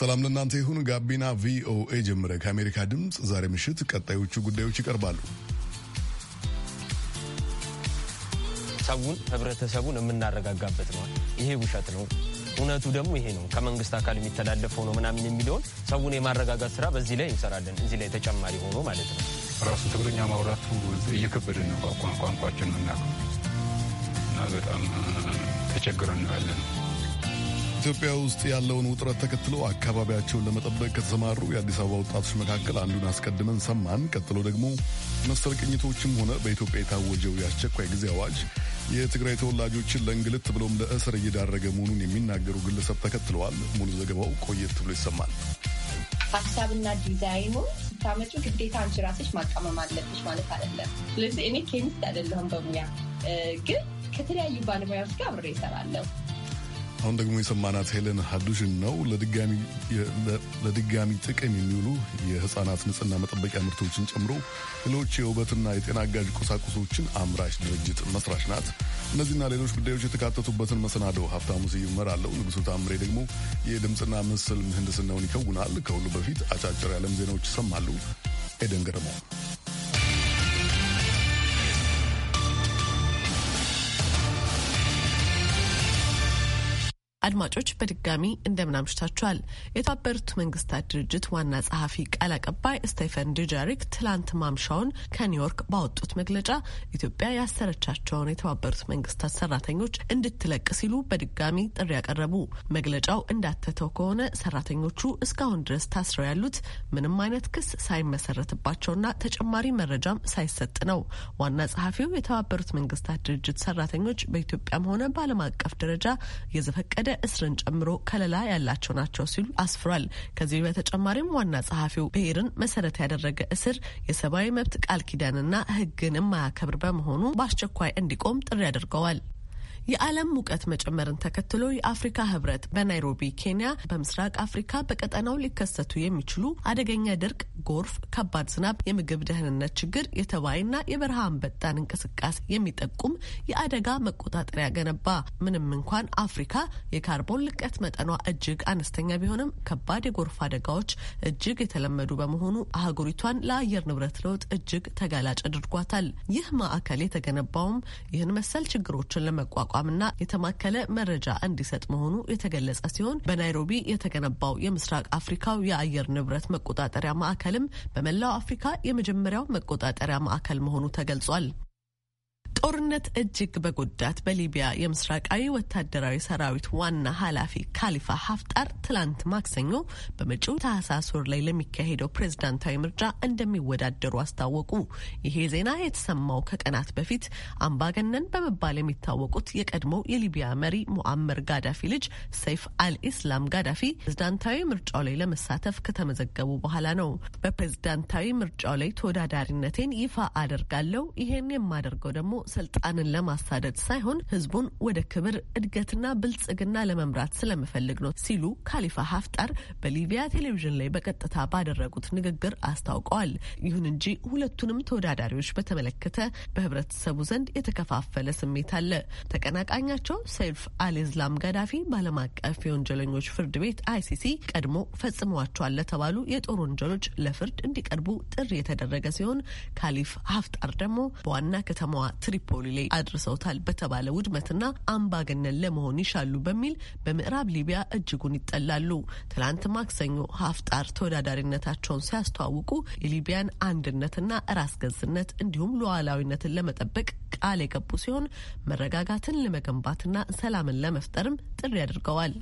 ሰላም ለእናንተ ይሁን። ጋቢና ቪኦኤ ጀመረ። ከአሜሪካ ድምፅ ዛሬ ምሽት ቀጣዮቹ ጉዳዮች ይቀርባሉ። ሰውን ህብረተሰቡን የምናረጋጋበት ነው። ይሄ ውሸት ነው፣ እውነቱ ደግሞ ይሄ ነው፣ ከመንግስት አካል የሚተላለፈው ነው ምናምን የሚለውን ሰውን የማረጋጋት ስራ በዚህ ላይ እንሰራለን። እዚህ ላይ ተጨማሪ ሆኖ ማለት ነው። ራሱ ትግርኛ ማውራቱ እየከበደን ነው። ቋንቋችን ምናቅ እና በጣም ተቸግረን ነው ያለ ነው ኢትዮጵያ ውስጥ ያለውን ውጥረት ተከትሎ አካባቢያቸውን ለመጠበቅ ከተሰማሩ የአዲስ አበባ ወጣቶች መካከል አንዱን አስቀድመን ሰማን። ቀጥሎ ደግሞ መሰል ቅኝቶችም ሆነ በኢትዮጵያ የታወጀው የአስቸኳይ ጊዜ አዋጅ የትግራይ ተወላጆችን ለእንግልት ብሎም ለእስር እየዳረገ መሆኑን የሚናገሩ ግለሰብ ተከትለዋል። ሙሉ ዘገባው ቆየት ብሎ ይሰማል። ሀሳብና ዲዛይኑ ስታመጩ ግዴታ አንቺ ራስሽ ማቃመም አለብሽ ማለት አይደለም። ስለዚህ እኔ ኬሚስት አይደለሁም በሙያ ግን ከተለያዩ ባለሙያዎች ጋር አብሬ እሰራለሁ። አሁን ደግሞ የሰማናት ሄለን ሀዱሽን ነው። ለድጋሚ ጥቅም የሚውሉ የህፃናት ንጽህና መጠበቂያ ምርቶችን ጨምሮ ሌሎች የውበትና የጤና አጋዥ ቁሳቁሶችን አምራች ድርጅት መስራች ናት። እነዚህና ሌሎች ጉዳዮች የተካተቱበትን መሰናዶ ሀብታሙ ስዩም እመራለሁ። ንጉሱ ታምሬ ደግሞ የድምፅና ምስል ምህንድስናውን ይከውናል። ከሁሉ በፊት አጫጭር የዓለም ዜናዎች ይሰማሉ። ኤደን ገረመው አድማጮች በድጋሚ እንደምናምሽታችኋል። የተባበሩት መንግስታት ድርጅት ዋና ጸሐፊ ቃል አቀባይ ስቴፈን ድጃሪክ ትላንት ማምሻውን ከኒውዮርክ ባወጡት መግለጫ ኢትዮጵያ ያሰረቻቸውን የተባበሩት መንግስታት ሰራተኞች እንድትለቅ ሲሉ በድጋሚ ጥሪ ያቀረቡ። መግለጫው እንዳተተው ከሆነ ሰራተኞቹ እስካሁን ድረስ ታስረው ያሉት ምንም አይነት ክስ ሳይመሰረትባቸውና ተጨማሪ መረጃም ሳይሰጥ ነው። ዋና ጸሐፊው የተባበሩት መንግስታት ድርጅት ሰራተኞች በኢትዮጵያም ሆነ በዓለም አቀፍ ደረጃ የዘፈቀደ ወደ እስርን ጨምሮ ከለላ ያላቸው ናቸው ሲሉ አስፍሯል። ከዚህ በተጨማሪም ዋና ጸሐፊው ብሔርን መሰረት ያደረገ እስር የሰብአዊ መብት ቃል ኪዳንና ሕግን የማያከብር በመሆኑ በአስቸኳይ እንዲቆም ጥሪ አድርገዋል። የዓለም ሙቀት መጨመርን ተከትሎ የአፍሪካ ህብረት በናይሮቢ ኬንያ፣ በምስራቅ አፍሪካ በቀጠናው ሊከሰቱ የሚችሉ አደገኛ ድርቅ፣ ጎርፍ፣ ከባድ ዝናብ፣ የምግብ ደህንነት ችግር፣ የተባይና የበረሃ አንበጣን እንቅስቃሴ የሚጠቁም የአደጋ መቆጣጠሪያ ገነባ። ምንም እንኳን አፍሪካ የካርቦን ልቀት መጠኗ እጅግ አነስተኛ ቢሆንም ከባድ የጎርፍ አደጋዎች እጅግ የተለመዱ በመሆኑ አህጉሪቷን ለአየር ንብረት ለውጥ እጅግ ተጋላጭ አድርጓታል። ይህ ማዕከል የተገነባውም ይህን መሰል ችግሮችን ለመቋቋም አቋምና የተማከለ መረጃ እንዲሰጥ መሆኑ የተገለጸ ሲሆን በናይሮቢ የተገነባው የምስራቅ አፍሪካው የአየር ንብረት መቆጣጠሪያ ማዕከልም በመላው አፍሪካ የመጀመሪያው መቆጣጠሪያ ማዕከል መሆኑ ተገልጿል። ጦርነት እጅግ በጎዳት በሊቢያ የምስራቃዊ ወታደራዊ ሰራዊት ዋና ኃላፊ ካሊፋ ሀፍጣር ትላንት ማክሰኞ በመጪው ታህሳስ ወር ላይ ለሚካሄደው ፕሬዝዳንታዊ ምርጫ እንደሚወዳደሩ አስታወቁ። ይሄ ዜና የተሰማው ከቀናት በፊት አምባገነን በመባል የሚታወቁት የቀድሞው የሊቢያ መሪ ሙአመር ጋዳፊ ልጅ ሰይፍ አልኢስላም ጋዳፊ ፕሬዝዳንታዊ ምርጫው ላይ ለመሳተፍ ከተመዘገቡ በኋላ ነው። በፕሬዝዳንታዊ ምርጫው ላይ ተወዳዳሪነቴን ይፋ አደርጋለሁ። ይሄን የማደርገው ደግሞ ስልጣንን ለማሳደድ ሳይሆን ህዝቡን ወደ ክብር እድገትና ብልጽግና ለመምራት ስለምፈልግ ነው ሲሉ ካሊፋ ሀፍጣር በሊቢያ ቴሌቪዥን ላይ በቀጥታ ባደረጉት ንግግር አስታውቀዋል። ይሁን እንጂ ሁለቱንም ተወዳዳሪዎች በተመለከተ በህብረተሰቡ ዘንድ የተከፋፈለ ስሜት አለ። ተቀናቃኛቸው ሰይፍ አልኢስላም ጋዳፊ በዓለም አቀፍ የወንጀለኞች ፍርድ ቤት አይሲሲ ቀድሞ ፈጽመዋቸዋል ለተባሉ የጦር ወንጀሎች ለፍርድ እንዲቀርቡ ጥሪ የተደረገ ሲሆን ካሊፍ ሀፍጣር ደግሞ በዋና ከተማዋ ትሪ ትሪፖሊ ላይ አድርሰውታል በተባለ ውድመትና አምባገነን ለመሆን ይሻሉ በሚል በምዕራብ ሊቢያ እጅጉን ይጠላሉ። ትላንት ማክሰኞ ሀፍጣር ተወዳዳሪነታቸውን ሲያስተዋውቁ የሊቢያን አንድነትና ራስ ገዝነት እንዲሁም ሉዓላዊነትን ለመጠበቅ ቃል የገቡ ሲሆን መረጋጋትን ለመገንባትና ሰላምን ለመፍጠርም ጥሪ አድርገዋል።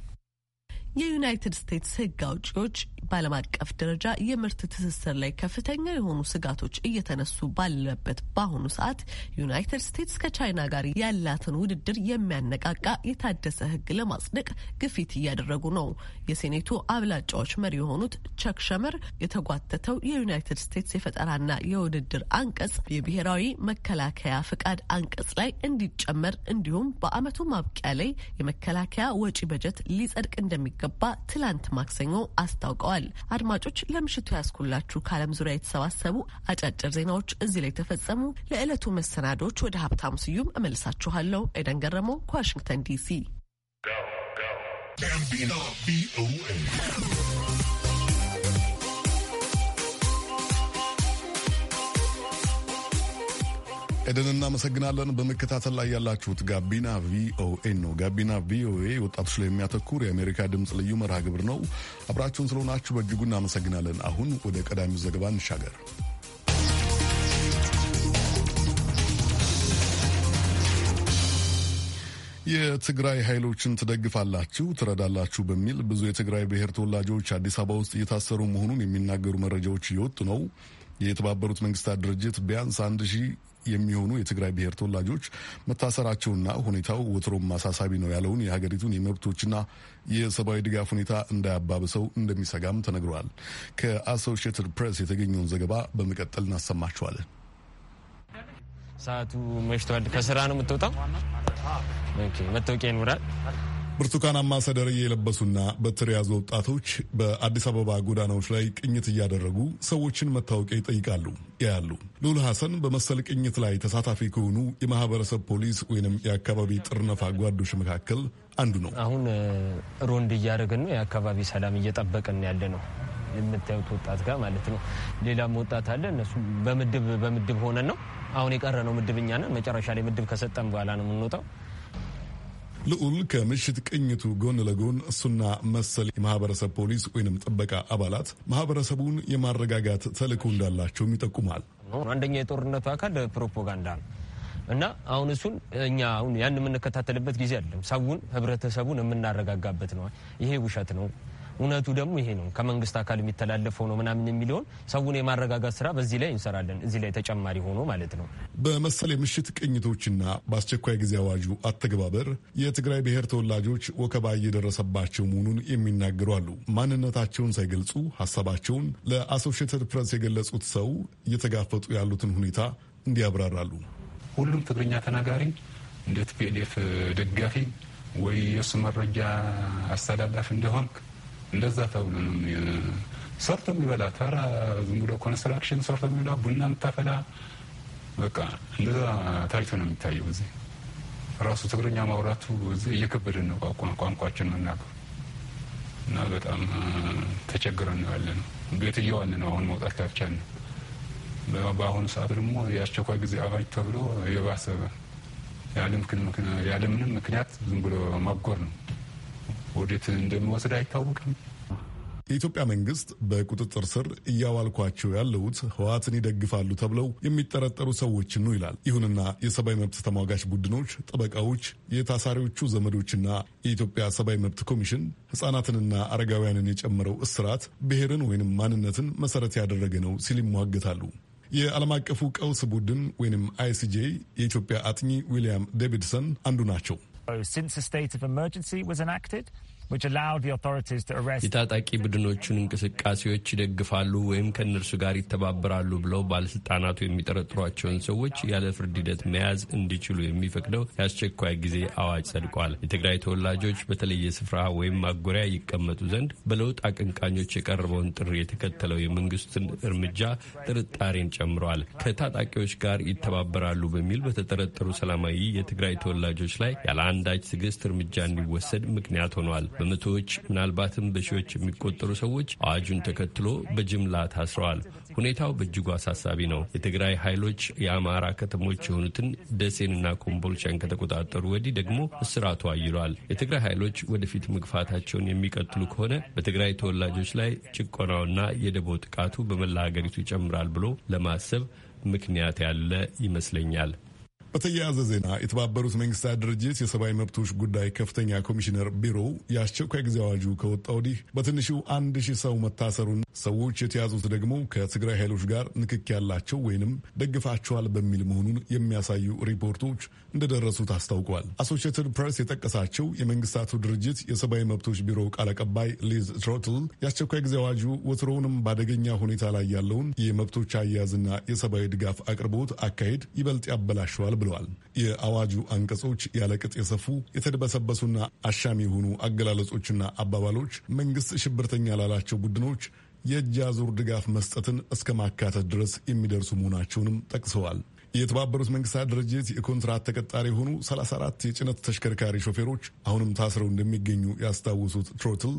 የዩናይትድ ስቴትስ ሕግ አውጪዎች በዓለም አቀፍ ደረጃ የምርት ትስስር ላይ ከፍተኛ የሆኑ ስጋቶች እየተነሱ ባለበት በአሁኑ ሰዓት ዩናይትድ ስቴትስ ከቻይና ጋር ያላትን ውድድር የሚያነቃቃ የታደሰ ሕግ ለማጽደቅ ግፊት እያደረጉ ነው። የሴኔቱ አብላጫዎች መሪ የሆኑት ቸክ ሸመር የተጓተተው የዩናይትድ ስቴትስ የፈጠራና የውድድር አንቀጽ የብሔራዊ መከላከያ ፍቃድ አንቀጽ ላይ እንዲጨመር እንዲሁም በዓመቱ ማብቂያ ላይ የመከላከያ ወጪ በጀት ሊጸድቅ እንደሚገባ እንደሚገባ ትላንት ማክሰኞ አስታውቀዋል። አድማጮች ለምሽቱ ያስኩላችሁ ከዓለም ዙሪያ የተሰባሰቡ አጫጭር ዜናዎች እዚህ ላይ ተፈጸሙ። ለዕለቱ መሰናዶዎች ወደ ሀብታሙ ስዩም እመልሳችኋለሁ። ኤደን ገረመው ከዋሽንግተን ዲሲ ኤደን እናመሰግናለን። በመከታተል ላይ ያላችሁት ጋቢና ቪኦኤ ነው። ጋቢና ቪኦኤ ወጣቶች ላይ የሚያተኩር የአሜሪካ ድምፅ ልዩ መርሃ ግብር ነው። አብራችሁን ስለሆናችሁ በእጅጉ እናመሰግናለን። አሁን ወደ ቀዳሚው ዘገባ እንሻገር። የትግራይ ኃይሎችን ትደግፋላችሁ፣ ትረዳላችሁ በሚል ብዙ የትግራይ ብሔር ተወላጆች አዲስ አበባ ውስጥ እየታሰሩ መሆኑን የሚናገሩ መረጃዎች እየወጡ ነው። የተባበሩት መንግስታት ድርጅት ቢያንስ አንድ ሺህ የሚሆኑ የትግራይ ብሔር ተወላጆች መታሰራቸውና ሁኔታው ወትሮም አሳሳቢ ነው ያለውን የሀገሪቱን የመብቶችና የሰብአዊ ድጋፍ ሁኔታ እንዳያባብሰው እንደሚሰጋም ተነግረዋል። ከአሶሽትድ ፕሬስ የተገኘውን ዘገባ በመቀጠል እናሰማችኋለን። ሰዓቱ መሽተዋል። ከስራ ነው የምትወጣው? መታወቂያ ይኖራል። ብርቱካናማ ሰደር የለበሱና በትር የያዙ ወጣቶች በአዲስ አበባ ጎዳናዎች ላይ ቅኝት እያደረጉ ሰዎችን መታወቂያ ይጠይቃሉ። ያሉ። ሉል ሐሰን በመሰል ቅኝት ላይ ተሳታፊ ከሆኑ የማህበረሰብ ፖሊስ ወይም የአካባቢ ጥርነፋ ጓዶች መካከል አንዱ ነው። አሁን ሮንድ እያደረግን ነው። የአካባቢ ሰላም እየጠበቅን ያለ ነው የምታዩት ወጣት ጋር ማለት ነው። ሌላም ወጣት አለ። እነሱ በምድብ በምድብ ሆነን ነው አሁን የቀረ ነው። ምድብኛ ነን። መጨረሻ ላይ ምድብ ከሰጠን በኋላ ነው የምንወጣው። ልዑል ከምሽት ቅኝቱ ጎን ለጎን እሱና መሰል የማህበረሰብ ፖሊስ ወይንም ጥበቃ አባላት ማህበረሰቡን የማረጋጋት ተልዕኮ እንዳላቸውም ይጠቁማል። አንደኛ የጦርነቱ አካል ፕሮፓጋንዳ ነው እና አሁን እሱን እኛ አሁን ያን የምንከታተልበት ጊዜ አይደለም። ሰውን ህብረተሰቡን የምናረጋጋበት ነው። ይሄ ውሸት ነው እውነቱ ደግሞ ይሄ ነው፣ ከመንግስት አካል የሚተላለፈው ነው ምናምን የሚለውን ሰውን የማረጋጋት ስራ በዚህ ላይ እንሰራለን። እዚህ ላይ ተጨማሪ ሆኖ ማለት ነው። በመሰል የምሽት ቅኝቶችና በአስቸኳይ ጊዜ አዋጁ አተገባበር የትግራይ ብሔር ተወላጆች ወከባ እየደረሰባቸው መሆኑን የሚናገሩ አሉ። ማንነታቸውን ሳይገልጹ ሀሳባቸውን ለአሶሽትድ ፕሬስ የገለጹት ሰው እየተጋፈጡ ያሉትን ሁኔታ እንዲያብራራሉ። ሁሉም ትግርኛ ተናጋሪ እንደ ቲፒኤልኤፍ ደጋፊ ወይ የእሱ መረጃ አስተላላፊ እንደሆንክ እንደዛ ተብሎ ነው ሰርቶ የሚበላ ተራ ዝም ብሎ ኮንስትራክሽን ሰርቶ የሚበላ ቡና የምታፈላ በቃ እንደዛ ታይቶ ነው የሚታየው። እዚህ ራሱ ትግርኛ ማውራቱ እዚህ እየከበደን ነው ቋንቋችን መናገሩ እና በጣም ተቸግረን ነው ያለ ነው። ቤት እየዋን ነው አሁን መውጣት ካልቻል ነው። በአሁኑ ሰዓት ደግሞ የአስቸኳይ ጊዜ አዋጅ ተብሎ የባሰበ ያለ ምክንያት ዝም ብሎ ማጎር ነው። ወዴት እንደሚወስድ አይታወቅም። የኢትዮጵያ መንግስት በቁጥጥር ስር እያዋልኳቸው ያለሁት ህወሓትን ይደግፋሉ ተብለው የሚጠረጠሩ ሰዎችን ነው ይላል። ይሁንና የሰብአዊ መብት ተሟጋች ቡድኖች ጠበቃዎች፣ የታሳሪዎቹ ዘመዶችና የኢትዮጵያ ሰብአዊ መብት ኮሚሽን ህጻናትንና አረጋውያንን የጨመረው እስራት ብሔርን ወይንም ማንነትን መሰረት ያደረገ ነው ሲል ይሟገታሉ። የዓለም አቀፉ ቀውስ ቡድን ወይንም አይሲጄ የኢትዮጵያ አጥኚ ዊልያም ዴቪድሰን አንዱ ናቸው። Since a state of emergency was enacted, የታጣቂ ቡድኖቹን እንቅስቃሴዎች ይደግፋሉ ወይም ከእነርሱ ጋር ይተባበራሉ ብለው ባለስልጣናቱ የሚጠረጥሯቸውን ሰዎች ያለ ፍርድ ሂደት መያዝ እንዲችሉ የሚፈቅደው የአስቸኳይ ጊዜ አዋጅ ጸድቋል። የትግራይ ተወላጆች በተለየ ስፍራ ወይም ማጎሪያ ይቀመጡ ዘንድ በለውጥ አቀንቃኞች የቀረበውን ጥሪ የተከተለው የመንግስትን እርምጃ ጥርጣሬን ጨምረዋል። ከታጣቂዎች ጋር ይተባበራሉ በሚል በተጠረጠሩ ሰላማዊ የትግራይ ተወላጆች ላይ ያለ አንዳች ትዕግስት እርምጃ እንዲወሰድ ምክንያት ሆኗል። በመቶዎች ምናልባትም በሺዎች የሚቆጠሩ ሰዎች አዋጁን ተከትሎ በጅምላ ታስረዋል። ሁኔታው በእጅጉ አሳሳቢ ነው። የትግራይ ኃይሎች የአማራ ከተሞች የሆኑትን ደሴንና ኮምቦልቻን ከተቆጣጠሩ ወዲህ ደግሞ እስራቱ አይሏል። የትግራይ ኃይሎች ወደፊት መግፋታቸውን የሚቀጥሉ ከሆነ በትግራይ ተወላጆች ላይ ጭቆናውና የደቦ ጥቃቱ በመላ ሀገሪቱ ይጨምራል ብሎ ለማሰብ ምክንያት ያለ ይመስለኛል። በተያያዘ ዜና የተባበሩት መንግስታት ድርጅት የሰብአዊ መብቶች ጉዳይ ከፍተኛ ኮሚሽነር ቢሮው የአስቸኳይ ጊዜ አዋጁ ከወጣ ወዲህ በትንሹ አንድ ሺህ ሰው መታሰሩን፣ ሰዎች የተያዙት ደግሞ ከትግራይ ኃይሎች ጋር ንክክ ያላቸው ወይንም ደግፋቸዋል በሚል መሆኑን የሚያሳዩ ሪፖርቶች እንደደረሱት አስታውቋል። አሶሺየትድ ፕሬስ የጠቀሳቸው የመንግስታቱ ድርጅት የሰብአዊ መብቶች ቢሮ ቃል አቀባይ ሊዝ ትሮትል የአስቸኳይ ጊዜ አዋጁ ወትሮውንም ባደገኛ ሁኔታ ላይ ያለውን የመብቶች አያያዝና የሰብአዊ ድጋፍ አቅርቦት አካሄድ ይበልጥ ያበላሸዋል ብለዋል። ብለዋል። የአዋጁ አንቀጾች ያለቅጥ የሰፉ የተደበሰበሱና አሻሚ የሆኑ አገላለጾችና አባባሎች መንግስት ሽብርተኛ ላላቸው ቡድኖች የእጅ አዙር ድጋፍ መስጠትን እስከ ማካተት ድረስ የሚደርሱ መሆናቸውንም ጠቅሰዋል። የተባበሩት መንግስታት ድርጅት የኮንትራት ተቀጣሪ የሆኑ 34 የጭነት ተሽከርካሪ ሾፌሮች አሁንም ታስረው እንደሚገኙ ያስታውሱት ትሮትል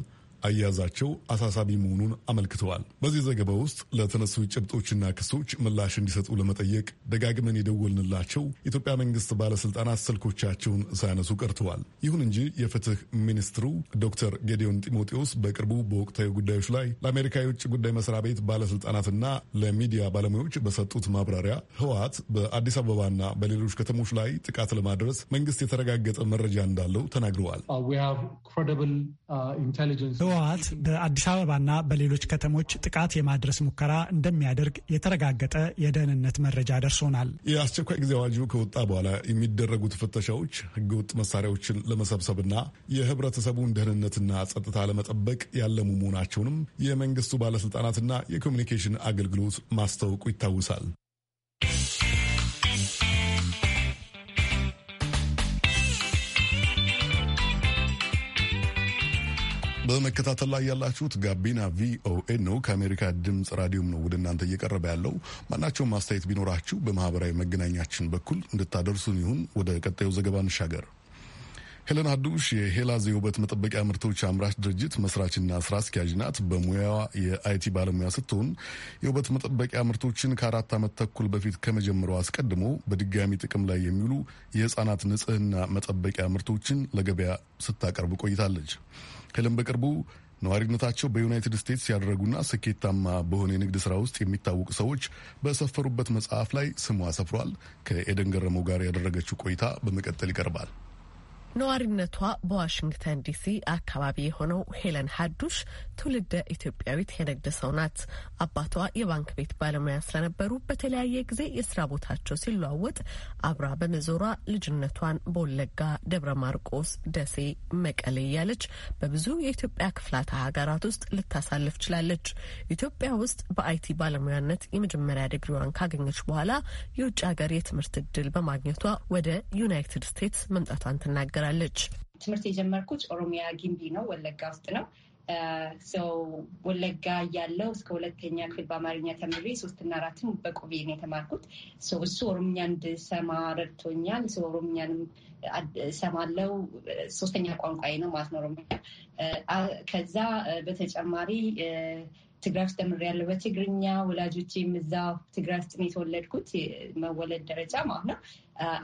አያያዛቸው አሳሳቢ መሆኑን አመልክተዋል። በዚህ ዘገባ ውስጥ ለተነሱ ጭብጦችና ክሶች ምላሽ እንዲሰጡ ለመጠየቅ ደጋግመን የደወልንላቸው ኢትዮጵያ መንግስት ባለስልጣናት ስልኮቻቸውን ሳያነሱ ቀርተዋል። ይሁን እንጂ የፍትህ ሚኒስትሩ ዶክተር ጌዲዮን ጢሞቴዎስ በቅርቡ በወቅታዊ ጉዳዮች ላይ ለአሜሪካ የውጭ ጉዳይ መስሪያ ቤት ባለስልጣናትና ለሚዲያ ባለሙያዎች በሰጡት ማብራሪያ ህወሓት በአዲስ አበባና በሌሎች ከተሞች ላይ ጥቃት ለማድረስ መንግስት የተረጋገጠ መረጃ እንዳለው ተናግረዋል። uh, ህወሀት በአዲስ አበባና በሌሎች ከተሞች ጥቃት የማድረስ ሙከራ እንደሚያደርግ የተረጋገጠ የደህንነት መረጃ ደርሶናል። የአስቸኳይ ጊዜ አዋጁ ከወጣ በኋላ የሚደረጉት ፍተሻዎች ህገወጥ መሳሪያዎችን ለመሰብሰብና የህብረተሰቡን ደህንነትና ጸጥታ ለመጠበቅ ያለሙ መሆናቸውንም የመንግስቱ ባለስልጣናትና የኮሚኒኬሽን አገልግሎት ማስታወቁ ይታወሳል። በመከታተል ላይ ያላችሁት ጋቢና ቪኦኤ ነው። ከአሜሪካ ድምፅ ራዲዮም ነው ወደ እናንተ እየቀረበ ያለው። ማናቸውም አስተያየት ቢኖራችሁ በማህበራዊ መገናኛችን በኩል እንድታደርሱን ይሁን። ወደ ቀጣዩ ዘገባ እንሻገር። ሄለን አዱሽ የሄላዝ የውበት መጠበቂያ ምርቶች አምራች ድርጅት መስራችና ስራ አስኪያጅ ናት። በሙያዋ የአይቲ ባለሙያ ስትሆን የውበት መጠበቂያ ምርቶችን ከአራት ዓመት ተኩል በፊት ከመጀመሩ አስቀድሞ በድጋሚ ጥቅም ላይ የሚውሉ የህፃናት ንጽህና መጠበቂያ ምርቶችን ለገበያ ስታቀርብ ቆይታለች። ከለም በቅርቡ ነዋሪነታቸው በዩናይትድ ስቴትስ ያደረጉና ስኬታማ በሆነ የንግድ ስራ ውስጥ የሚታወቁ ሰዎች በሰፈሩበት መጽሐፍ ላይ ስሟ አሰፍሯል። ከኤደን ገረመው ጋር ያደረገችው ቆይታ በመቀጠል ይቀርባል። ነዋሪነቷ በዋሽንግተን ዲሲ አካባቢ የሆነው ሄለን ሀዱሽ ትውልደ ኢትዮጵያዊት የንግድ ሰው ናት። አባቷ የባንክ ቤት ባለሙያ ስለነበሩ በተለያየ ጊዜ የስራ ቦታቸው ሲለዋወጥ አብራ በመዞሯ ልጅነቷን በወለጋ፣ ደብረ ማርቆስ፣ ደሴ፣ መቀሌ እያለች በብዙ የኢትዮጵያ ክፍላተ ሀገራት ውስጥ ልታሳልፍ ችላለች። ኢትዮጵያ ውስጥ በአይቲ ባለሙያነት የመጀመሪያ ዲግሪዋን ካገኘች በኋላ የውጭ ሀገር የትምህርት እድል በማግኘቷ ወደ ዩናይትድ ስቴትስ መምጣቷን ትናገ ትናገራለች። ትምህርት የጀመርኩት ኦሮሚያ ጊምቢ ነው፣ ወለጋ ውስጥ ነው። ሰው ወለጋ እያለው እስከ ሁለተኛ ክፍል በአማርኛ ተምሬ ሶስትና አራትም በቁቤ ነው የተማርኩት። እሱ ኦሮምኛ እንድሰማ ረድቶኛል። ሰው ኦሮምኛንም ሰማለው። ሶስተኛ ቋንቋዬ ነው ማለት ነው ኦሮምኛ። ከዛ በተጨማሪ ትግራይ ውስጥ ተምሬያለሁ በትግርኛ። ወላጆቼም እዛው ትግራይ ውስጥ የተወለድኩት መወለድ ደረጃ ማለት ነው።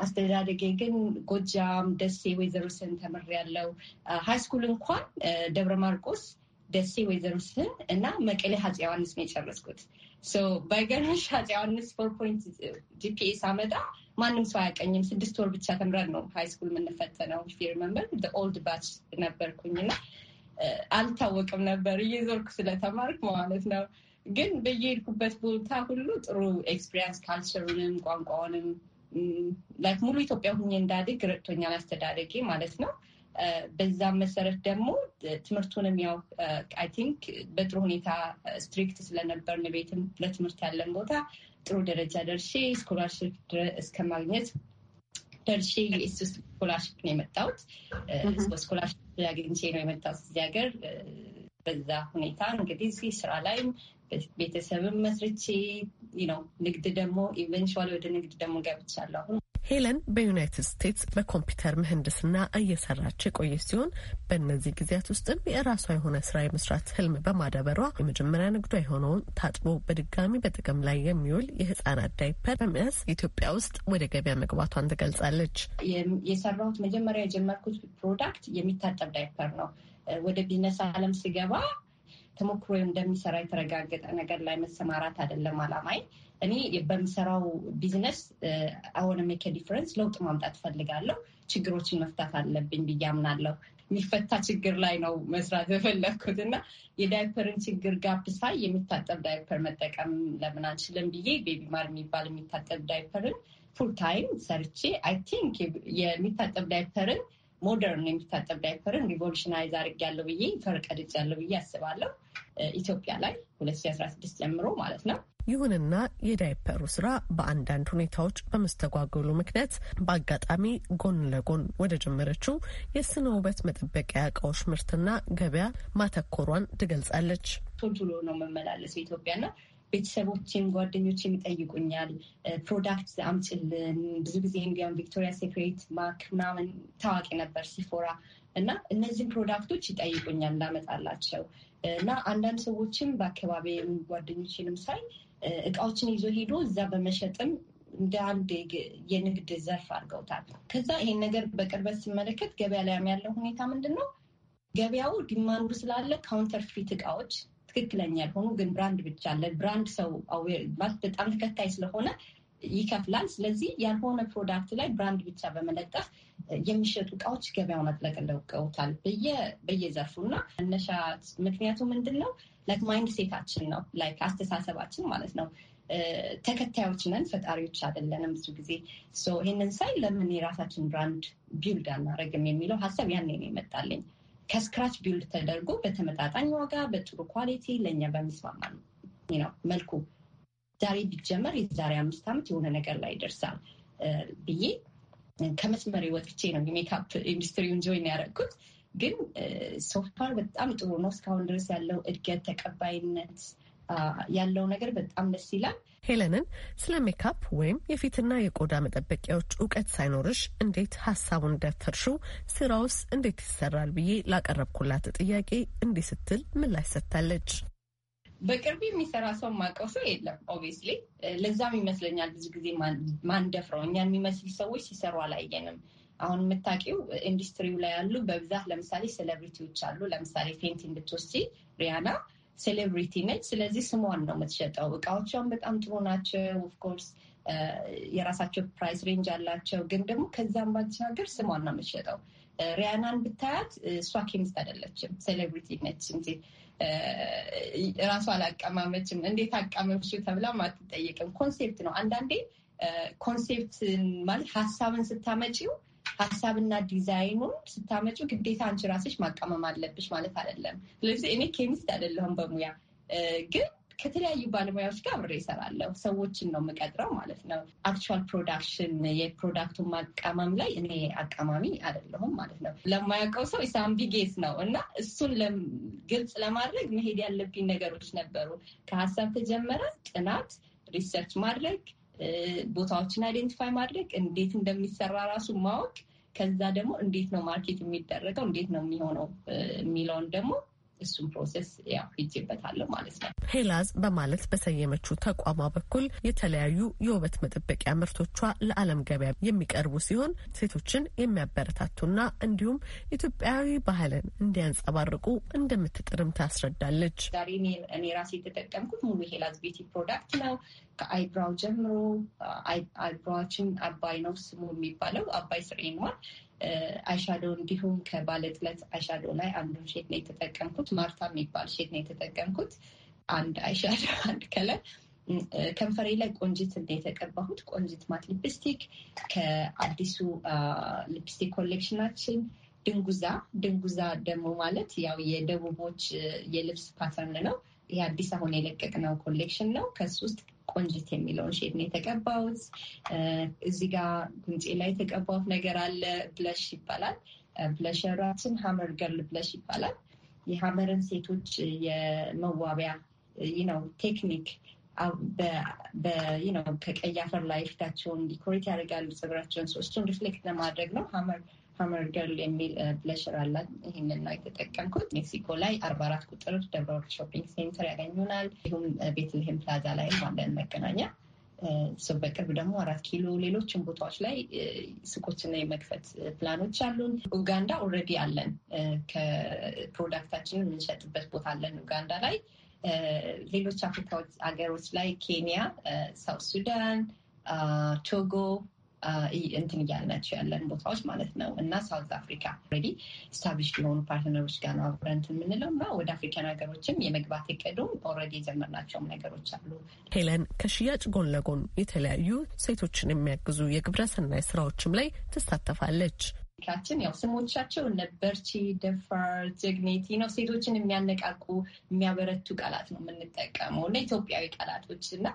አስተዳደጌ ግን ጎጃም፣ ደሴ፣ ወይዘሮ ስህን ተምሬያለሁ። ሃይስኩል እንኳን ደብረ ማርቆስ፣ ደሴ፣ ወይዘሮ ስህን እና መቀሌ ሀፄ ዮሐንስ ነው የጨረስኩት። ባይገርምሽ ሀፄ ዮሐንስ ፎር ፖይንት ጂፒኤ ሳመጣ ማንም ሰው አያቀኝም። ስድስት ወር ብቻ ተምረን ነው ሃይስኩል የምንፈተነው። መንበር ኦልድ ባች ነበርኩኝ እና አልታወቅም ነበር እየዞርኩ ስለተማርክ ማለት ነው። ግን በየሄድኩበት ቦታ ሁሉ ጥሩ ኤክስፒሪንስ ካልቸሩንም ቋንቋውንም ላይክ ሙሉ ኢትዮጵያ ሁኜ እንዳድግ ረድቶኛል አስተዳደጌ ማለት ነው። በዛ መሰረት ደግሞ ትምህርቱንም ያው አይ ቲንክ በጥሩ ሁኔታ ስትሪክት ስለነበርን ቤትም ለትምህርት ያለን ቦታ ጥሩ ደረጃ ደርሼ ስኮላርሽፕ እስከ ማግኘት ደርሼ ዩኤስ ውስጥ ስኮላርሽፕ ነው የመጣሁት። ስኮላርሽፕ አግኝቼ ነው የመጣሁት እዚህ ሀገር። በዛ ሁኔታ እንግዲህ እዚህ ስራ ላይም ቤተሰብም መስርቼ ነው። ንግድ ደግሞ ኢቨንቹዋሊ ወደ ንግድ ደግሞ ገብቻለሁ አሁን ሄለን በዩናይትድ ስቴትስ በኮምፒውተር ምህንድስና እየሰራች የቆየች ሲሆን በእነዚህ ጊዜያት ውስጥም የራሷ የሆነ ስራ የመስራት ህልም በማዳበሯ የመጀመሪያ ንግዷ የሆነውን ታጥቦ በድጋሚ በጥቅም ላይ የሚውል የህጻናት ዳይፐር በመያዝ ኢትዮጵያ ውስጥ ወደ ገበያ መግባቷን ትገልጻለች። የሰራሁት መጀመሪያ የጀመርኩት ፕሮዳክት የሚታጠብ ዳይፐር ነው። ወደ ቢዝነስ አለም ስገባ ተሞክሮ እንደሚሰራ የተረጋገጠ ነገር ላይ መሰማራት አይደለም አላማይ እኔ በምሰራው ቢዝነስ አሁን ሜክ ዲፍረንስ ለውጥ ማምጣት ፈልጋለሁ፣ ችግሮችን መፍታት አለብኝ ብዬ አምናለሁ። የሚፈታ ችግር ላይ ነው መስራት የፈለግኩት እና የዳይፐርን ችግር ጋፕ ሳይ የሚታጠብ ዳይፐር መጠቀም ለምን አንችልም ብዬ ቤቢ ማር የሚባል የሚታጠብ ዳይፐርን ፉል ታይም ሰርቼ አይ ቲንክ የሚታጠብ ዳይፐርን ሞደርን የሚታጠብ ዳይፐርን ሪቮሉሽናይዝ አድርጌያለሁ ብዬ ፈር ቀድጃለሁ ብዬ አስባለሁ። ኢትዮጵያ ላይ 2016 ጀምሮ ማለት ነው። ይሁንና የዳይፐሩ ስራ በአንዳንድ ሁኔታዎች በመስተጓገሉ ምክንያት በአጋጣሚ ጎን ለጎን ወደ ጀመረችው የስነ ውበት መጠበቂያ እቃዎች ምርትና ገበያ ማተኮሯን ትገልጻለች። ቶሎ ነው መመላለስ ኢትዮጵያና ቤተሰቦችም ጓደኞችም ይጠይቁኛል። ፕሮዳክት አምጭልን ብዙ ጊዜ እንዲያውም ቪክቶሪያ ሴክሬት፣ ማክ ምናምን ታዋቂ ነበር ሲፎራ እና እነዚህም ፕሮዳክቶች ይጠይቁኛል እንዳመጣላቸው እና አንዳንድ ሰዎችም በአካባቢ ጓደኞችንም ሳይ እቃዎችን ይዞ ሄዶ እዛ በመሸጥም እንደ አንድ የንግድ ዘርፍ አድርገውታል። ከዛ ይሄን ነገር በቅርበት ስመለከት ገበያ ላይ ያለው ሁኔታ ምንድን ነው? ገበያው ዲማንዱ ስላለ ካውንተርፊት እቃዎች ትክክለኛ ያልሆኑ ግን ብራንድ ብቻ አለ ብራንድ ሰው በጣም ተከታይ ስለሆነ ይከፍላል። ስለዚህ ያልሆነ ፕሮዳክት ላይ ብራንድ ብቻ በመለጠፍ የሚሸጡ እቃዎች ገበያውን አጥለቅልቀውታል በየዘርፉ እና መነሻ ምክንያቱ ምንድን ነው? ላይክ ማይንድ ሴታችን ነው፣ ላይክ አስተሳሰባችን ማለት ነው። ተከታዮች ነን፣ ፈጣሪዎች አይደለንም። ብዙ ጊዜ ይህንን ሳይ ለምን የራሳችን ብራንድ ቢውልድ አናረግም የሚለው ሀሳብ ያኔ ነው ይመጣልኝ። ከስክራች ቢውልድ ተደርጎ በተመጣጣኝ ዋጋ፣ በጥሩ ኳሊቲ ለእኛ በሚስማማ ነው መልኩ ዛሬ ቢጀመር የዛሬ አምስት ዓመት የሆነ ነገር ላይ ይደርሳል ብዬ ከመስመር ወጥቼ ነው የሜካፕ ኢንዱስትሪውን ጆይን ያደረግኩት። ግን ሶፋር በጣም ጥሩ ነው። እስካሁን ድረስ ያለው እድገት ተቀባይነት ያለው ነገር በጣም ደስ ይላል። ሄለንን ስለ ሜካፕ ወይም የፊትና የቆዳ መጠበቂያዎች እውቀት ሳይኖርሽ እንዴት ሀሳቡን እንደፈርሽው ስራውስ እንዴት ይሰራል ብዬ ላቀረብኩላት ጥያቄ እንዲህ ስትል ምላሽ ሰጥታለች። በቅርብ የሚሰራ ሰው የማውቀው ሰው የለም። ኦብቪየስሊ ለዛም ይመስለኛል ብዙ ጊዜ ማንደፍረው እኛን የሚመስል ሰዎች ሲሰሩ አላየንም። አሁን የምታውቂው ኢንዱስትሪው ላይ ያሉ በብዛት ለምሳሌ ሴሌብሪቲዎች አሉ። ለምሳሌ ፌንት እንድትወስጂ ሪያና ሴሌብሪቲ ነች። ስለዚህ ስሟን ነው የምትሸጠው። እቃዎቿን በጣም ጥሩ ናቸው። ኦፍኮርስ የራሳቸው ፕራይስ ሬንጅ አላቸው። ግን ደግሞ ከዛም ባሻገር ስሟን ነው የምትሸጠው። ሪያናን ብታያት እሷ ኬሚስት አይደለችም፣ ሴሌብሪቲ ነች እንጂ ራሷን አቀማመችም እንዴት አቀመምሽው ተብላም አትጠየቅም። ኮንሴፕት ነው። አንዳንዴ ኮንሴፕት ማለት ሀሳብን ስታመጪው ሀሳብና ዲዛይኑን ስታመጪው ግዴታ አንቺ ራስሽ ማቀመም አለብሽ ማለት አይደለም። ስለዚህ እኔ ኬሚስት አይደለሁም በሙያ ግን ከተለያዩ ባለሙያዎች ጋር አብሬ እሰራለሁ። ሰዎችን ነው የምቀጥረው ማለት ነው። አክቹዋል ፕሮዳክሽን የፕሮዳክቱን ማቃማም ላይ እኔ አቃማሚ አይደለሁም ማለት ነው። ለማያውቀው ሰው ኢሳምቢጌት ነው እና እሱን ግልጽ ለማድረግ መሄድ ያለብኝ ነገሮች ነበሩ። ከሀሳብ ተጀመረ ጥናት፣ ሪሰርች ማድረግ፣ ቦታዎችን አይደንቲፋይ ማድረግ፣ እንዴት እንደሚሰራ ራሱ ማወቅ፣ ከዛ ደግሞ እንዴት ነው ማርኬት የሚደረገው፣ እንዴት ነው የሚሆነው የሚለውን ደግሞ እሱም ፕሮሴስ ያው ሂጅበታለሁ ማለት ነው። ሄላዝ በማለት በሰየመችው ተቋሟ በኩል የተለያዩ የውበት መጠበቂያ ምርቶቿ ለዓለም ገበያ የሚቀርቡ ሲሆን ሴቶችን የሚያበረታቱና እንዲሁም ኢትዮጵያዊ ባህልን እንዲያንጸባርቁ እንደምትጥርም ታስረዳለች። ዛሬ እኔ ራሴ የተጠቀምኩት ሙሉ ሄላዝ ቤቲ ፕሮዳክት ነው። ከአይብራው ጀምሮ አይብራዎችን አባይ ነው ስሙ የሚባለው አባይ ስሬን አይሻዶ እንዲሁም ከባለጥለት አይሻዶ ላይ አንዱን ሼድ ነው የተጠቀምኩት። ማርታ የሚባል ሼድ ነው የተጠቀምኩት። አንድ አይሻዶ፣ አንድ ከለር ከንፈሬ ላይ ቆንጅት የተቀባሁት ቆንጅት ማት ሊፕስቲክ ከአዲሱ ሊፕስቲክ ኮሌክሽናችን ድንጉዛ ድንጉዛ ደግሞ ማለት ያው የደቡቦች የልብስ ፓተርን ነው። አዲስ አሁን የለቀቅነው ኮሌክሽን ነው። ከሱ ውስጥ ቆንጅት የሚለውን ሼድ ነው የተቀባሁት። እዚህ ጋር ጉንጬ ላይ የተቀባሁት ነገር አለ። ብለሽ ይባላል። ብለሸራችን ሀመር ገርል ብለሽ ይባላል። የሀመርን ሴቶች የመዋቢያ ነው ቴክኒክ ከቀይ አፈር ላይ ፊታቸውን ዲኮሬት ያደርጋሉ። ፀጉራቸውን ሶስቱን ሪፍሌክት ለማድረግ ነው ሀመር ገርል የሚል ብለሽር አላት። ይህንን ነው የተጠቀምኩት። ሜክሲኮ ላይ አርባ አራት ቁጥር ደብረ ሾፒንግ ሴንተር ያገኙናል። እንዲሁም ቤትልሄም ፕላዛ ላይ አለን መገናኛ። በቅርብ ደግሞ አራት ኪሎ፣ ሌሎችን ቦታዎች ላይ ሱቆችና የመክፈት ፕላኖች አሉን። ኡጋንዳ ኦልሬዲ አለን፣ ከፕሮዳክታችንን የምንሸጥበት ቦታ አለን ኡጋንዳ ላይ። ሌሎች አፍሪካ ሀገሮች ላይ ኬንያ፣ ሳውት ሱዳን፣ ቶጎ እንትን እያልናቸው ያለን ቦታዎች ማለት ነው እና ሳውዝ አፍሪካ ኦልሬዲ ስታብሊሽ የሆኑ ፓርትነሮች ጋር ነው አብረን እንትን የምንለው እና ወደ አፍሪካን ሀገሮችም የመግባት እቅዱም ኦልሬዲ የጀመርናቸውም ነገሮች አሉ። ሄለን ከሽያጭ ጎን ለጎን የተለያዩ ሴቶችን የሚያግዙ የግብረ ሰናይ ስራዎችም ላይ ትሳተፋለች። ካችን ያው ስሞቻቸው እነ በርቺ፣ ደፋር፣ ጀግኔት ነው ሴቶችን የሚያነቃቁ የሚያበረቱ ቃላት ነው የምንጠቀመው እና ኢትዮጵያዊ ቃላቶች እና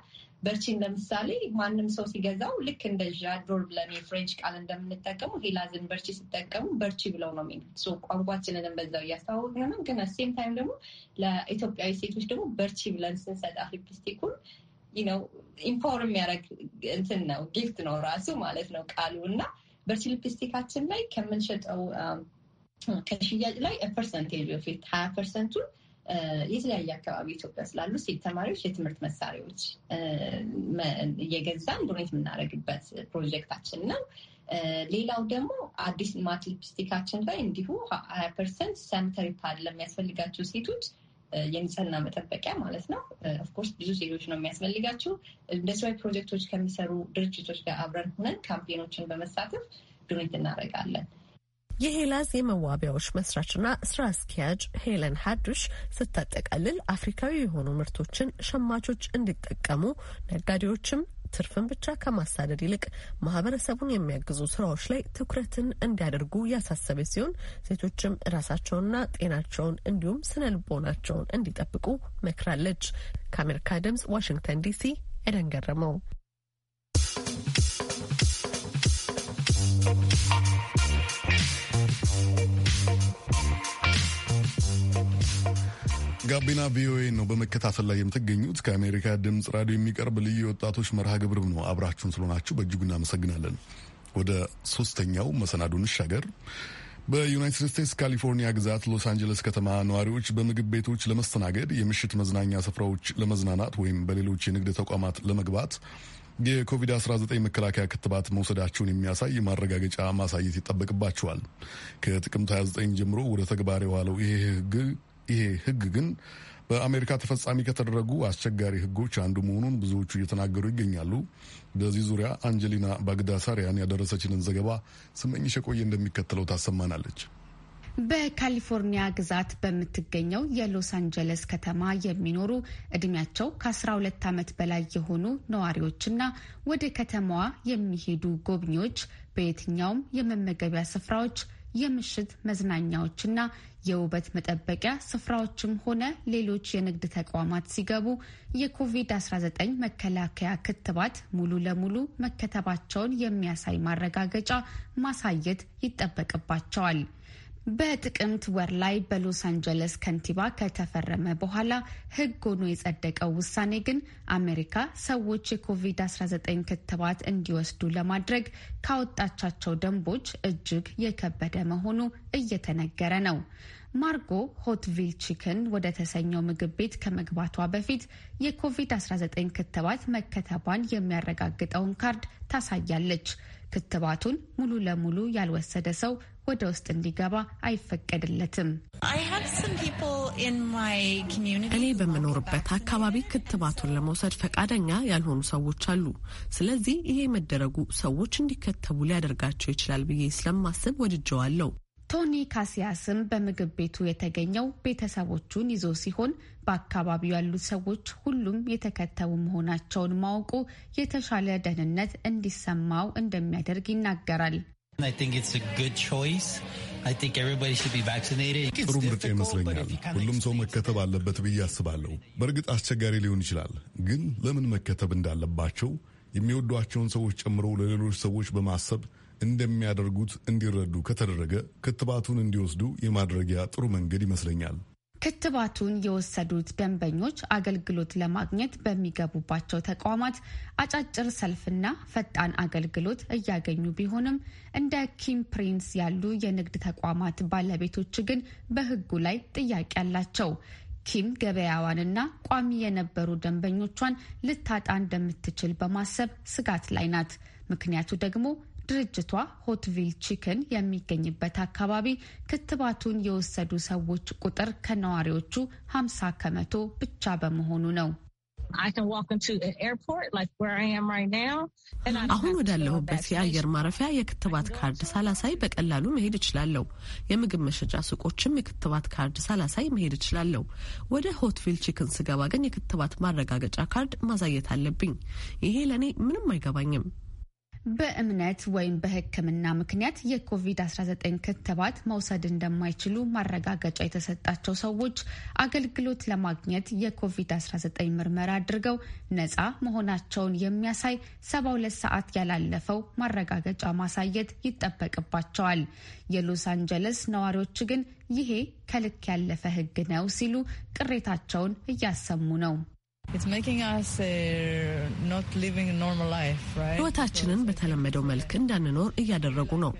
በርቺን ለምሳሌ ማንም ሰው ሲገዛው ልክ እንደ ዣዶር ብለን የፍሬንች ቃል እንደምንጠቀሙ ሄላዝን በርቺ ሲጠቀሙ በርቺ ብለው ነው የሚሉት። ቋንቋችንንም በዛው እያስተዋወቅን ነው። ግን ሴም ታይም ደግሞ ለኢትዮጵያዊ ሴቶች ደግሞ በርቺ ብለን ስንሰጣ ሊፕስቲኩን ነው ኢምፓወር የሚያደርግ እንትን ነው ጊፍት ነው ራሱ ማለት ነው ቃሉ እና በሲልፕስቲካችን ላይ ከምንሸጠው ከሽያጭ ላይ ፐርሰንቴጅ በፊት ሀያ ፐርሰንቱ የተለያየ አካባቢ ኢትዮጵያ ስላሉ ሴት ተማሪዎች የትምህርት መሳሪያዎች እየገዛን ዶኔት የምናደርግበት ፕሮጀክታችን ነው። ሌላው ደግሞ አዲስ ማት ሊፕስቲካችን ላይ እንዲሁ ሀያ ፐርሰንት ሳኒታሪ ፓድ ለሚያስፈልጋቸው ሴቶች የንጽህና መጠበቂያ ማለት ነው። ኦፍኮርስ ብዙ ሴቶች ነው የሚያስፈልጋቸው። እንደዚ ፕሮጀክቶች ከሚሰሩ ድርጅቶች ጋር አብረን ሆነን ካምፔኖችን በመሳተፍ ዶኔት እናደርጋለን። የሄላዝ የመዋቢያዎች መስራችና ስራ አስኪያጅ ሄለን ሀዱሽ ስታጠቃልል አፍሪካዊ የሆኑ ምርቶችን ሸማቾች እንዲጠቀሙ ነጋዴዎችም ትርፍን ብቻ ከማሳደድ ይልቅ ማህበረሰቡን የሚያግዙ ስራዎች ላይ ትኩረትን እንዲያደርጉ ያሳሰበ ሲሆን ሴቶችም ራሳቸውንና ጤናቸውን እንዲሁም ስነ ልቦናቸውን እንዲጠብቁ መክራለች። ከአሜሪካ ድምጽ ዋሽንግተን ዲሲ ኤደን ገረመው። ጋቢና ቪኦኤ ነው በመከታተል ላይ የምትገኙት። ከአሜሪካ ድምፅ ራዲዮ የሚቀርብ ልዩ የወጣቶች መርሃ ግብርም ነው። አብራችሁን ስለሆናችሁ በእጅጉ እናመሰግናለን። ወደ ሶስተኛው መሰናዶ እንሻገር። በዩናይትድ ስቴትስ ካሊፎርኒያ ግዛት ሎስ አንጀለስ ከተማ ነዋሪዎች በምግብ ቤቶች ለመስተናገድ የምሽት መዝናኛ ስፍራዎች ለመዝናናት ወይም በሌሎች የንግድ ተቋማት ለመግባት የኮቪድ-19 መከላከያ ክትባት መውሰዳቸውን የሚያሳይ ማረጋገጫ ማሳየት ይጠበቅባቸዋል። ከጥቅምት 29 ጀምሮ ወደ ተግባር የዋለው ይህ ሕግ ይሄ ህግ ግን በአሜሪካ ተፈጻሚ ከተደረጉ አስቸጋሪ ህጎች አንዱ መሆኑን ብዙዎቹ እየተናገሩ ይገኛሉ። በዚህ ዙሪያ አንጀሊና ባግዳሳሪያን ያደረሰችንን ዘገባ ስመኝሽ ቆየ እንደሚከተለው ታሰማናለች። በካሊፎርኒያ ግዛት በምትገኘው የሎስ አንጀለስ ከተማ የሚኖሩ እድሜያቸው ከ12 ዓመት በላይ የሆኑ ነዋሪዎችና ወደ ከተማዋ የሚሄዱ ጎብኚዎች በየትኛውም የመመገቢያ ስፍራዎች የምሽት መዝናኛዎችና የውበት መጠበቂያ ስፍራዎችም ሆነ ሌሎች የንግድ ተቋማት ሲገቡ የኮቪድ-19 መከላከያ ክትባት ሙሉ ለሙሉ መከተባቸውን የሚያሳይ ማረጋገጫ ማሳየት ይጠበቅባቸዋል። በጥቅምት ወር ላይ በሎስ አንጀለስ ከንቲባ ከተፈረመ በኋላ ሕግ ሆኖ የጸደቀው ውሳኔ ግን አሜሪካ ሰዎች የኮቪድ-19 ክትባት እንዲወስዱ ለማድረግ ካወጣቻቸው ደንቦች እጅግ የከበደ መሆኑ እየተነገረ ነው። ማርጎ ሆትቪል ቺክን ወደ ተሰኘው ምግብ ቤት ከመግባቷ በፊት የኮቪድ-19 ክትባት መከተቧን የሚያረጋግጠውን ካርድ ታሳያለች። ክትባቱን ሙሉ ለሙሉ ያልወሰደ ሰው ወደ ውስጥ እንዲገባ አይፈቀድለትም። እኔ በምኖርበት አካባቢ ክትባቱን ለመውሰድ ፈቃደኛ ያልሆኑ ሰዎች አሉ። ስለዚህ ይሄ መደረጉ ሰዎች እንዲከተቡ ሊያደርጋቸው ይችላል ብዬ ስለማስብ ወድጀዋለሁ። ቶኒ ካሲያስም በምግብ ቤቱ የተገኘው ቤተሰቦቹን ይዞ ሲሆን በአካባቢው ያሉት ሰዎች ሁሉም የተከተቡ መሆናቸውን ማወቁ የተሻለ ደህንነት እንዲሰማው እንደሚያደርግ ይናገራል። ጥሩ ምርጫ ይመስለኛል። ሁሉም ሰው መከተብ አለበት ብዬ አስባለሁ። በእርግጥ አስቸጋሪ ሊሆን ይችላል፣ ግን ለምን መከተብ እንዳለባቸው የሚወዷቸውን ሰዎች ጨምሮ ለሌሎች ሰዎች በማሰብ እንደሚያደርጉት እንዲረዱ ከተደረገ ክትባቱን እንዲወስዱ የማድረጊያ ጥሩ መንገድ ይመስለኛል። ክትባቱን የወሰዱት ደንበኞች አገልግሎት ለማግኘት በሚገቡባቸው ተቋማት አጫጭር ሰልፍና ፈጣን አገልግሎት እያገኙ ቢሆንም እንደ ኪም ፕሪንስ ያሉ የንግድ ተቋማት ባለቤቶች ግን በሕጉ ላይ ጥያቄ አላቸው። ኪም ገበያዋንና ቋሚ የነበሩ ደንበኞቿን ልታጣ እንደምትችል በማሰብ ስጋት ላይ ናት። ምክንያቱ ደግሞ ድርጅቷ ሆትቪል ቺክን የሚገኝበት አካባቢ ክትባቱን የወሰዱ ሰዎች ቁጥር ከነዋሪዎቹ 50 ከመቶ ብቻ በመሆኑ ነው። አሁን ወዳለሁበት የአየር ማረፊያ የክትባት ካርድ ሳላሳይ በቀላሉ መሄድ እችላለሁ። የምግብ መሸጫ ሱቆችም የክትባት ካርድ ሳላሳይ መሄድ እችላለሁ። ወደ ሆትቪል ቺክን ስገባ ግን የክትባት ማረጋገጫ ካርድ ማሳየት አለብኝ። ይሄ ለእኔ ምንም አይገባኝም። በእምነት ወይም በሕክምና ምክንያት የኮቪድ-19 ክትባት መውሰድ እንደማይችሉ ማረጋገጫ የተሰጣቸው ሰዎች አገልግሎት ለማግኘት የኮቪድ-19 ምርመራ አድርገው ነፃ መሆናቸውን የሚያሳይ 72 ሰዓት ያላለፈው ማረጋገጫ ማሳየት ይጠበቅባቸዋል። የሎስ አንጀለስ ነዋሪዎች ግን ይሄ ከልክ ያለፈ ሕግ ነው ሲሉ ቅሬታቸውን እያሰሙ ነው። ህይወታችንን uh, በተለመደው መልክ እንዳንኖር እያደረጉ ነው።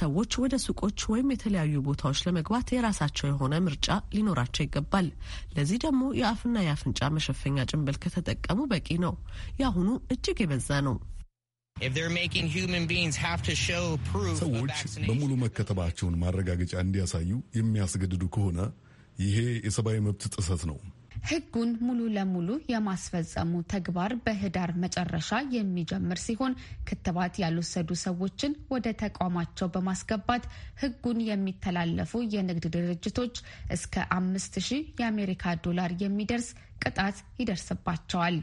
ሰዎች ወደ ሱቆች ወይም የተለያዩ ቦታዎች ለመግባት የራሳቸው የሆነ ምርጫ ሊኖራቸው ይገባል። ለዚህ ደግሞ የአፍና የአፍንጫ መሸፈኛ ጭንብል ከተጠቀሙ በቂ ነው። የአሁኑ እጅግ የበዛ ነው። ሰዎች በሙሉ መከተባቸውን ማረጋገጫ እንዲያሳዩ የሚያስገድዱ ከሆነ ይሄ የሰብአዊ መብት ጥሰት ነው። ህጉን ሙሉ ለሙሉ የማስፈጸሙ ተግባር በህዳር መጨረሻ የሚጀምር ሲሆን ክትባት ያልወሰዱ ሰዎችን ወደ ተቋማቸው በማስገባት ህጉን የሚተላለፉ የንግድ ድርጅቶች እስከ አምስት ሺህ የአሜሪካ ዶላር የሚደርስ ቅጣት ይደርስባቸዋል።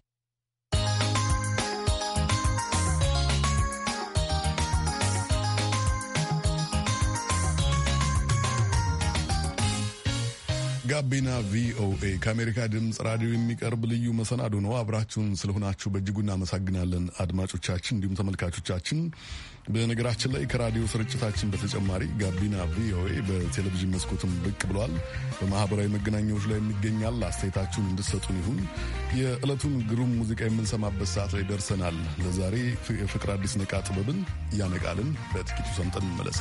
ጋቢና ቪኦኤ ከአሜሪካ ድምፅ ራዲዮ የሚቀርብ ልዩ መሰናዶ ነው። አብራችሁን ስለሆናችሁ በእጅጉ እናመሰግናለን አድማጮቻችን፣ እንዲሁም ተመልካቾቻችን። በነገራችን ላይ ከራዲዮ ስርጭታችን በተጨማሪ ጋቢና ቪኦኤ በቴሌቪዥን መስኮትም ብቅ ብሏል። በማህበራዊ መገናኛዎች ላይ የሚገኛል። አስተያየታችሁን እንድሰጡን ይሁን። የዕለቱን ግሩም ሙዚቃ የምንሰማበት ሰዓት ላይ ደርሰናል። ለዛሬ የፍቅር አዲስ ነቃ ጥበብን እያነቃልን በጥቂቱ ሰምጠን እንመለስ።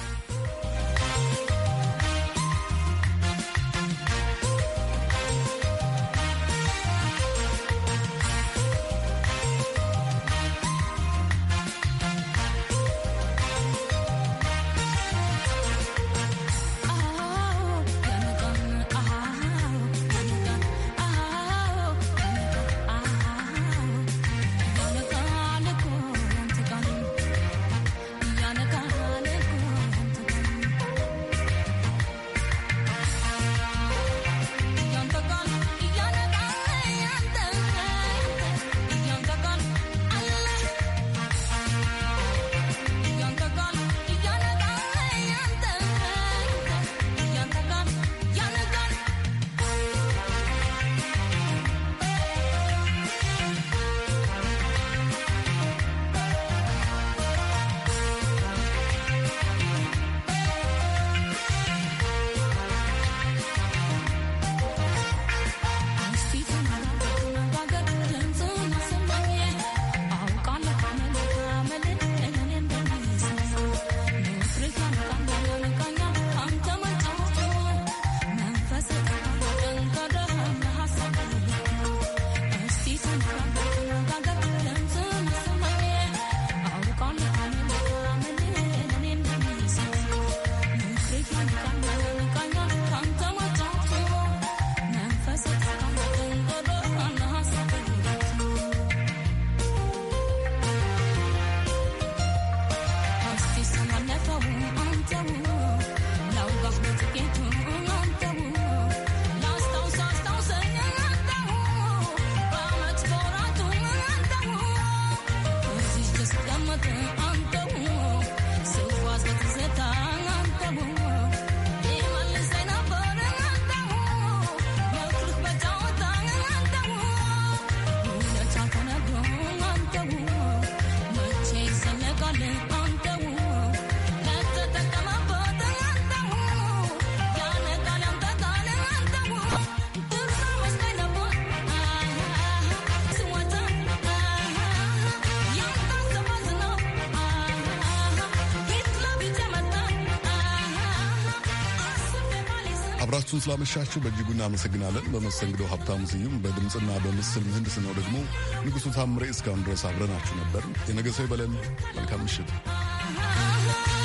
አብራችሁን ስላመሻችሁ በእጅጉ እናመሰግናለን። በመስተንግዶ ሀብታሙ ስዩም፣ በድምፅና በምስል ምህንድስ ነው ደግሞ ንጉሱ ታምሬ። እስካሁን ድረስ አብረናችሁ ነበር። የነገ ሰው ይበለን። መልካም ምሽት።